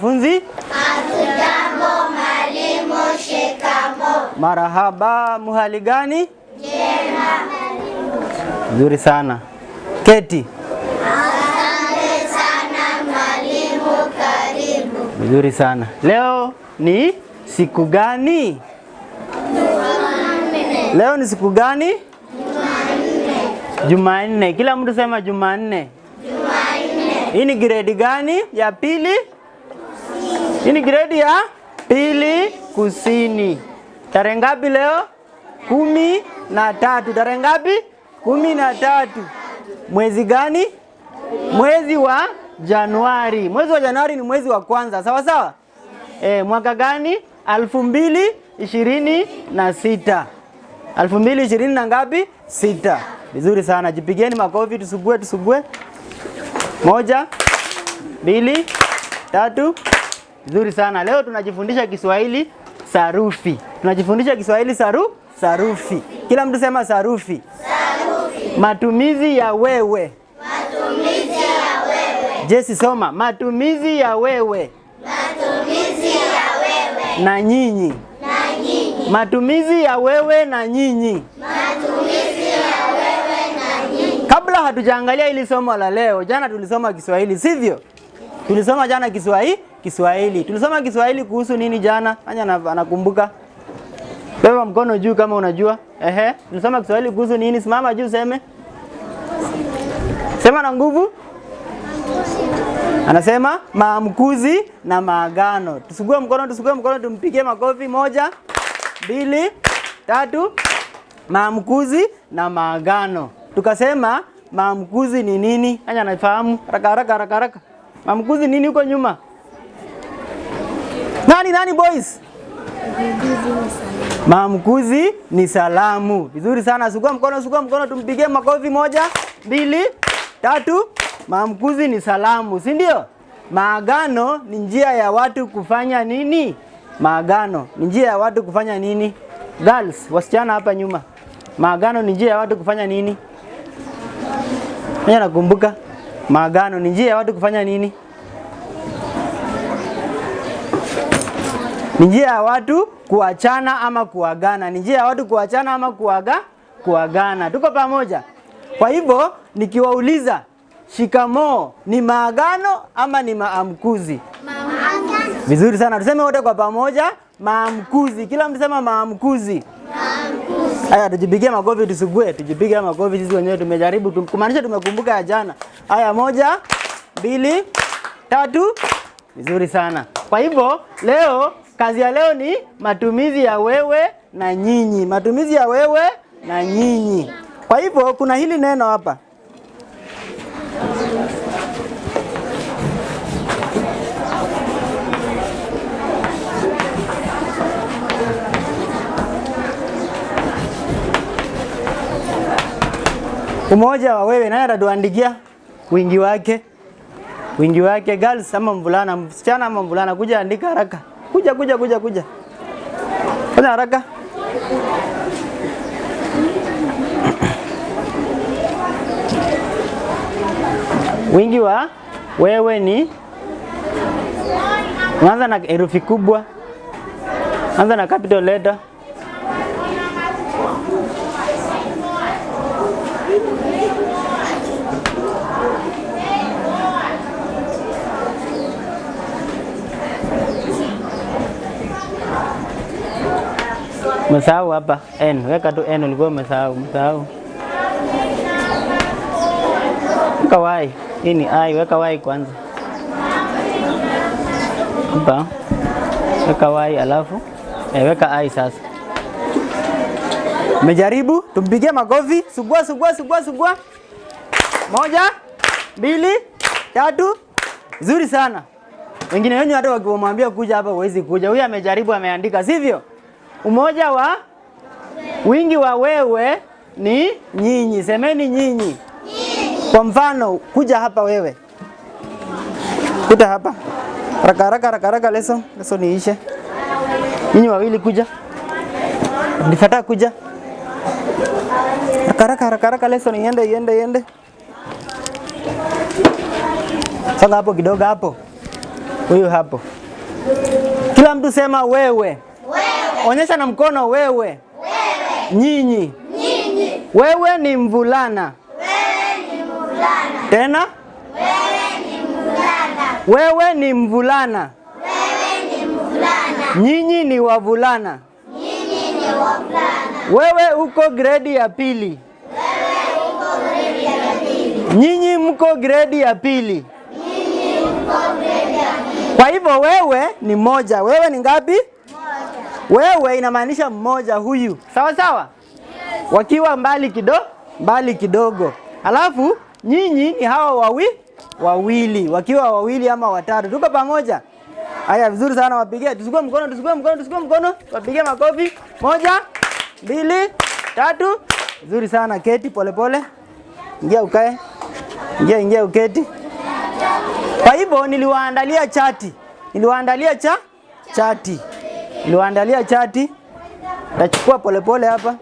Funzi, hatujambo mwalimu. Shikamo. Marahaba. Muhali gani? Njema. Nzuri sana. Keti. Asante sana mwalimu, karibu. Nzuri sana. Leo ni siku gani? Jumanne. Leo ni siku gani? Jumanne. Jumanne. Kila mtu sema Jumanne. Jumanne. Hii ni gredi gani? Ya pili? Hii ni gredi ya pili kusini. Tarehe ngapi leo? Kumi na tatu. Tarehe ngapi? Kumi na tatu. Mwezi gani? Mwezi wa Januari. Mwezi wa Januari ni mwezi wa kwanza, sawa sawa? E, mwaka gani? Alfu mbili ishirini na sita. Alfu mbili ishirini na ngapi? Sita. Vizuri sana, jipigeni makofi, tusugue tusugue. Moja, mbili, tatu zuri sana. Leo tunajifundisha Kiswahili sarufi. Tunajifundisha Kiswahili saru sarufi. Kila mtu sema sarufi. Sarufi. Matumizi ya wewe. Matumizi ya wewe. Jesi soma matumizi ya wewe. Matumizi ya wewe. Na nyinyi. Na nyinyi. Matumizi ya wewe na nyinyi. Matumizi ya wewe na nyinyi. Kabla hatujaangalia hili somo la leo, jana tulisoma Kiswahili, sivyo? Tulisoma jana Kiswahili Kiswahili. Tulisoma Kiswahili kuhusu nini jana? Anya anakumbuka. Beba mkono juu kama unajua. Ehe, tulisoma Kiswahili kuhusu nini? Simama juu seme. Sema na nguvu. Anasema maamkuzi na maagano. Tusugue mkono, tusugue mkono, tumpigie makofi. Moja, mbili, tatu. Maamkuzi na maagano. Tukasema maamkuzi ni nini? Anya anafahamu. Haraka haraka haraka haraka. Maamkuzi nini huko nyuma? Nani nani boys? Mamkuzi ni salamu. Vizuri sana, sugua mkono, sugua mkono, tumpigie makofi. Moja, mbili, tatu. mamkuzi ni salamu, si ndio? Maagano ni njia ya watu kufanya nini? Maagano ni njia ya watu kufanya nini? Girls, wasichana hapa nyuma, maagano ni njia ya watu kufanya nini? Nakumbuka maagano ni njia ya watu kufanya nini? Ni njia ya watu kuachana ama kuagana, ni njia ya watu kuachana ama kuaga kuagana. Tuko pamoja? Kwa hivyo nikiwauliza shikamoo ni maagano ama ni maamkuzi? Maamkuzi. Vizuri sana, tuseme wote kwa pamoja maamkuzi. Kila mtu sema maamkuzi. Maamkuzi. Haya, tujipigie makofi tusugue, tujipige makofi sisi wenyewe. Tumejaribu kumaanisha, tumekumbuka ya jana. Haya, moja, mbili, tatu. Vizuri sana. Kwa hivyo leo Kazi ya leo ni matumizi ya wewe na nyinyi, matumizi ya wewe na nyinyi. Kwa hivyo kuna hili neno hapa umoja wa wewe, naye atatuandikia wingi wake, wingi wake, girls ama mvulana, msichana ama mvulana, kuja andika haraka kuja kuja kuja kuja, fanya haraka. Wingi wa wewe ni, anza na herufi kubwa, anza na capital letter. Umesahau hapa n, weka tu n, ulikuwa umesahau. Umesahau weka y. Hii ni i, weka y kwanza hapa, weka y alafu e, weka i sasa. Umejaribu, tumpigie makofi. Sugua, sugua, sugua, sugua. Moja, mbili, tatu. Nzuri sana. Wengine wenyu hata wakimwambia kuja hapa huwezi kuja. Huyu amejaribu, ameandika, sivyo? Umoja wa wingi wa wewe ni nyinyi. Semeni nyinyi. Kwa mfano, kuja hapa wewe, kuja hapa raka raka raka raka, leso leso niishe. Nyinyi wawili, kuja nifata kuja raka raka raka raka, leso niende iende iende. Songa hapo kidogo, hapo huyu hapo. Kila mtu sema wewe. Onyesha na mkono wewe, wewe. Nyinyi, nyinyi. Wewe ni mvulana, wewe ni mvulana. Tena wewe ni mvulana, wewe ni mvulana. Wewe ni mvulana. Nyinyi ni wavulana, Wewe uko gredi ya pili, Nyinyi mko gredi ya pili, nyinyi mko gredi ya pili. Kwa hivyo wewe ni moja, wewe ni ngapi? wewe inamaanisha mmoja huyu, sawa sawa, yes. Wakiwa mbali kidogo mbali kidogo, alafu nyinyi ni hawa wawi wawili, wakiwa wawili ama watatu, tuko pamoja. Haya, vizuri sana, wapigie. Tusikue mkono, tusikue mkono, tusikue mkono, wapigie makofi. Moja, mbili, tatu. Vizuri sana, keti polepole, ingia ukae, ingia ingia, uketi. Kwa hivyo niliwaandalia chati, niliwaandalia cha chati niliwaandalia chati, tachukua polepole hapa,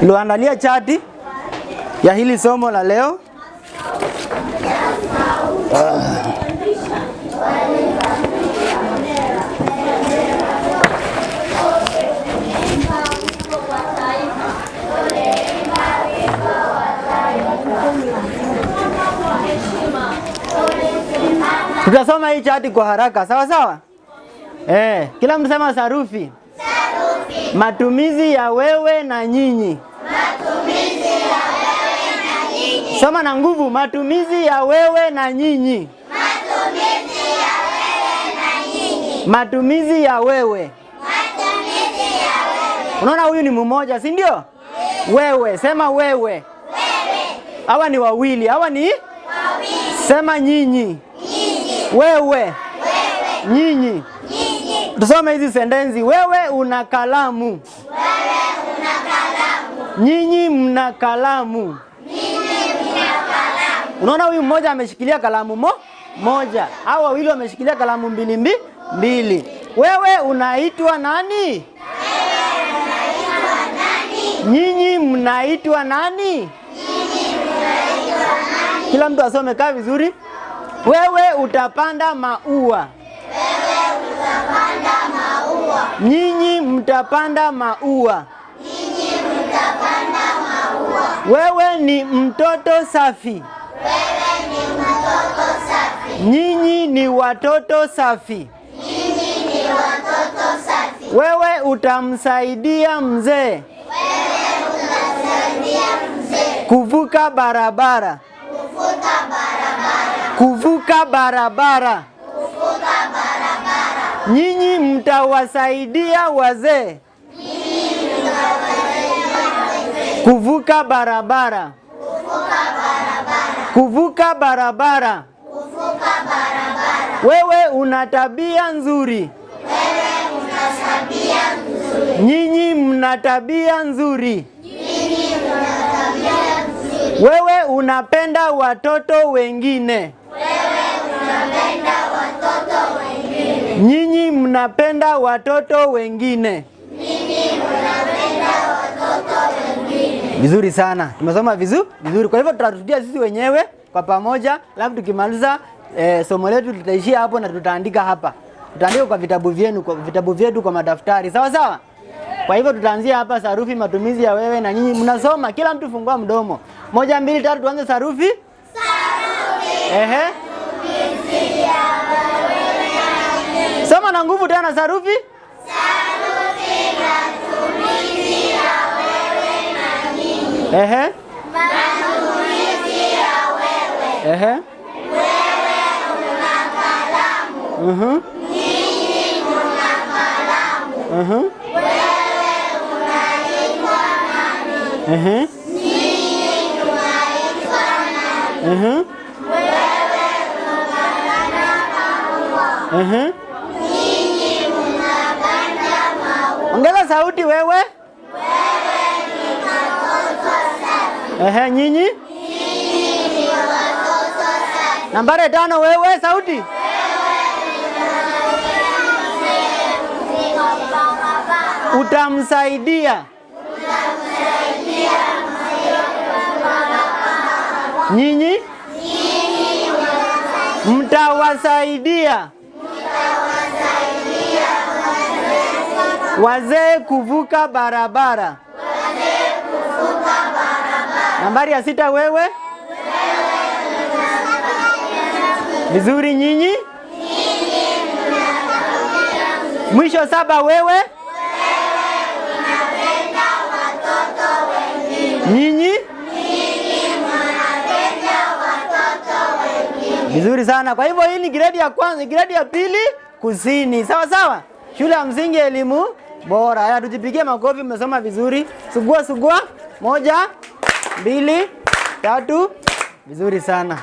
niliwaandalia chati ya hili somo la leo ah. Tutasoma hii chati kwa haraka, sawa sawa? Eh, kila mtu sema sarufi. Sarufi. Matumizi ya wewe na nyinyi. Matumizi ya wewe na nyinyi. Soma na nguvu, matumizi ya wewe na nyinyi. Matumizi ya wewe na nyinyi. Matumizi ya wewe. Matumizi ya wewe. Unaona huyu ni mmoja, si ndio? Wewe, sema wewe. Wewe. Hawa ni wawili, hawa ni wawili. Sema nyinyi. Wewe, nyinyi. Tusome hizi sentensi. Wewe una kalamu, nyinyi mna kalamu. Unaona, huyu mmoja ameshikilia kalamu mo moja, au wawili wameshikilia kalamu mbili mbi, mbili. Wewe unaitwa nani? Nyinyi mnaitwa nani? Kila mtu asome kaa vizuri. Wewe utapanda maua. Wewe utapanda maua. Nyinyi mtapanda maua. Nyinyi mtapanda maua. Wewe ni mtoto safi. Wewe ni mtoto safi. Nyinyi ni watoto safi. Nyinyi ni watoto safi. Wewe utamsaidia mzee. Wewe utasaidia mzee. Kuvuka barabara. Kuvuka barabara. Kuvuka barabara, kuvuka barabara. Nyinyi mtawasaidia wazee Kuvuka barabara, kuvuka barabara. Kuvuka barabara. Kuvuka barabara. Wewe una tabia nzuri, nzuri. Nyinyi mna tabia nzuri. Nyinyi mna tabia nzuri. Wewe unapenda watoto wengine Nyinyi mnapenda watoto wengine. Vizuri sana, tumesoma vizuri vizuri. Kwa hivyo tutarudia sisi wenyewe kwa pamoja, labda tukimaliza eh, somo letu tutaishia hapo na tutaandika hapa, tutaandika kwa vitabu vyenu, kwa vitabu vyetu, kwa madaftari, sawa sawa. Kwa hivyo tutaanzia hapa, sarufi, matumizi ya wewe na nyinyi. Mnasoma, kila mtu fungua mdomo. Moja, mbili, tatu, tuanze sarufi. Sarufi. Ehe. Sema na nguvu tena sarufi. Sarufi matumizi ya wewe na nyinyi. Ehe. Matumizi ya wewe. Ehe. Wewe una kalamu. Mhm. Nyinyi mna kalamu. Mhm. Wewe unaitwa nani? Mhm. Nyinyi unaitwa nani? Mhm. Ninyi mnapanda maua. Ongeza sauti wewe. Wewe ni watoto safi. Ehe, nyinyi? Nyinyi ni watoto safi. Nambari tano wewe sauti. utamsaidia. Utamsaidia. Nyinyi? Nyinyi mtawasaidia. Wazee kuvuka barabara. Wazee kuvuka barabara. Nambari ya sita wewe? Wewe. Vizuri nyinyi? Nyinyi. Mwisho saba wewe? Wewe unapenda watoto wengine. Nyinyi? Vizuri sana. Kwa hivyo hii ni gredi ya kwanza, gredi ya pili kusini. Sawa sawa? Shule ya msingi elimu bora. Haya, tujipigie makofi. Mmesoma vizuri, sugua sugua. Moja, mbili, tatu. Vizuri sana.